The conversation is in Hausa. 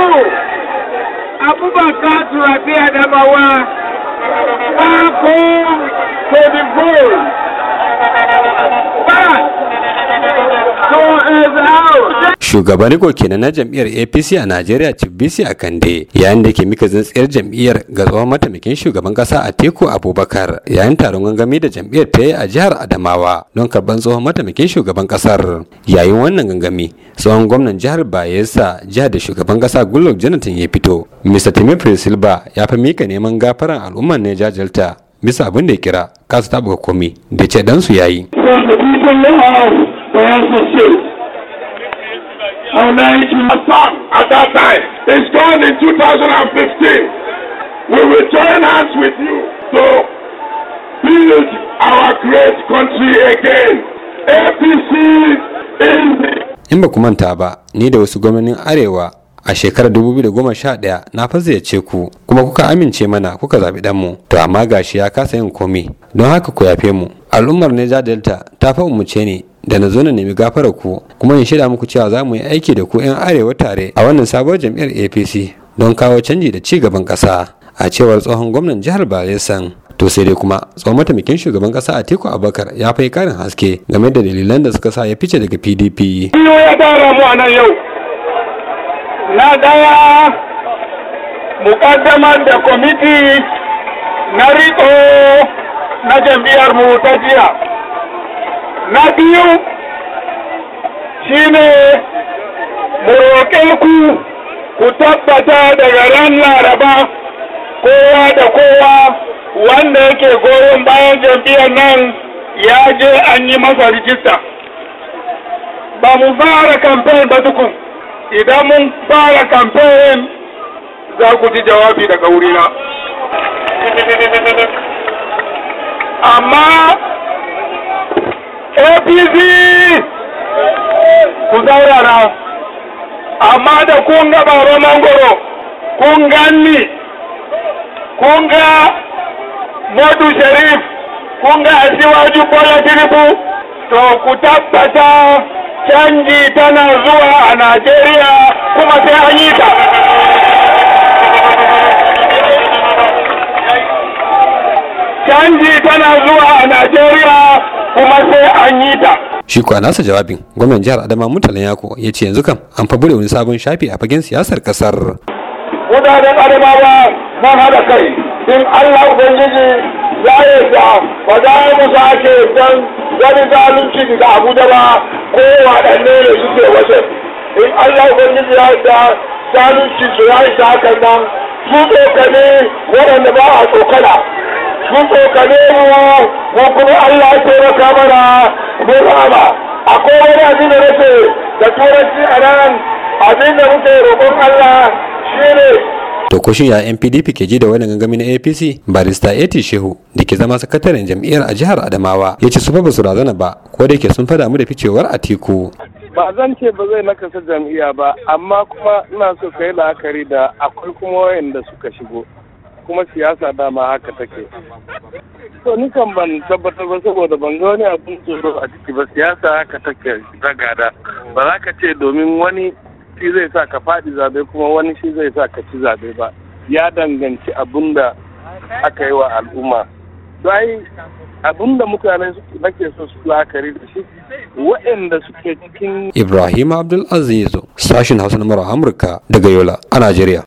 honorable Abubakar Turabi Adamawa, welcome to the vote. shugaban riko kenan na jam'iyyar apc a najeriya cibbisi a kande yayin da ke mika tsayar jam'iyyar ga tsohon mataimakin shugaban kasa atiku abubakar yayin taron gangami da jam'iyyar ta yi a jihar adamawa don karban tsohon mataimakin shugaban kasar yayin wannan gangami tsohon gwamnan jihar bayelsa jihar da shugaban kasa goodluck jonathan ya fito mr timothy silva ya fi mika neman gafaran al'ummar ne jajalta bisa abin da ya kira kasa taɓa komi da ce ɗansu ya Our name is Assad at that time. It's gone in 2015. We will join hands with you to build our great country again. APC is In ba ku manta ba, ni da wasu gwamnonin Arewa a shekarar 2011 na fazzace ku kuma kuka amince mana kuka zaɓi ɗanmu to amma gashi ya kasa yin komi don haka ku yafe mu al'ummar Niger Delta ta fa umuce ni. da na zo na nemi gafarar ku kuma in shirya muku cewa za mu yi aiki da ku 'yan arewa tare a wannan sabuwar jam'iyyar apc don kawo canji da ci gaban ƙasa a cewar tsohon gwamnan jihar bayelsan to sai dai kuma tsohon mataimakin shugaban ƙasa a teku abubakar ya fai karin haske game da dalilan da suka sa ya fice daga pdp ya tara mu a nan yau na daya mukaddamar da kwamiti na riko na jam'iyyar mu ta jiya na biyu shine mu roƙe ku ku tabbata daga ran laraba kowa da kowa wanda yake goyon bayan jam'iyyar nan ya je an yi masa rijista ba mu fara kamfen ba duku idan mun fara kamfen za ku ji jawabi daga wurina amma APC ku zaurara amma da kun ga baro mangoro kunganni kunga modu sharif kunga asiwaju kola tiribu to kutapata chanji tana zuwa a nigeria kuma sai an yi ta canji tana zuwa a nigeria kuma sai an yi ta shi kuwa nasa jawabin gwamnan jihar adama murtalan yako ya ce yanzu kam an fa bude wani sabon shafi a fagen siyasar kasar mutanen adamawa mun haɗa kai in allah ubangiji ya yarda ba za mu sake don wani zalunci da abuja ba ko waɗanne ne suke waje in allah ubangiji ya ta zalunci su ya isa hakan nan su tsokane waɗanda ba a tsokana mun kokare mu mu kuma Allah ya taimaka mana mu rama akwai wani abin da nake da turanci a nan abin da muke roƙon Allah shine to ko shin ya NPDP ke ji da wani gangami na APC barista Eti Shehu da ke zama sakataren jam'iyyar a jihar Adamawa ya ce su fa ba su razana ba ko da yake sun fada mu da ficewar Atiku ba zan ce ba zai nakasa jam'iyya ba amma kuma ina so kai la'akari da akwai kuma wayanda suka shigo kuma siyasa dama haka take to ni kan ban tabbatar ba saboda ban ga wani abin tsoro a ciki ba siyasa haka take ta gada ba za ka ce domin wani shi zai sa ka fadi zabe kuma wani shi zai sa ka ci zabe ba ya danganci abun da aka yi wa al'umma sai abun da mutane nake so su la'akari da shi waɗanda suke cikin ibrahim abdulaziz sashin hausa na amurka daga yola a najeriya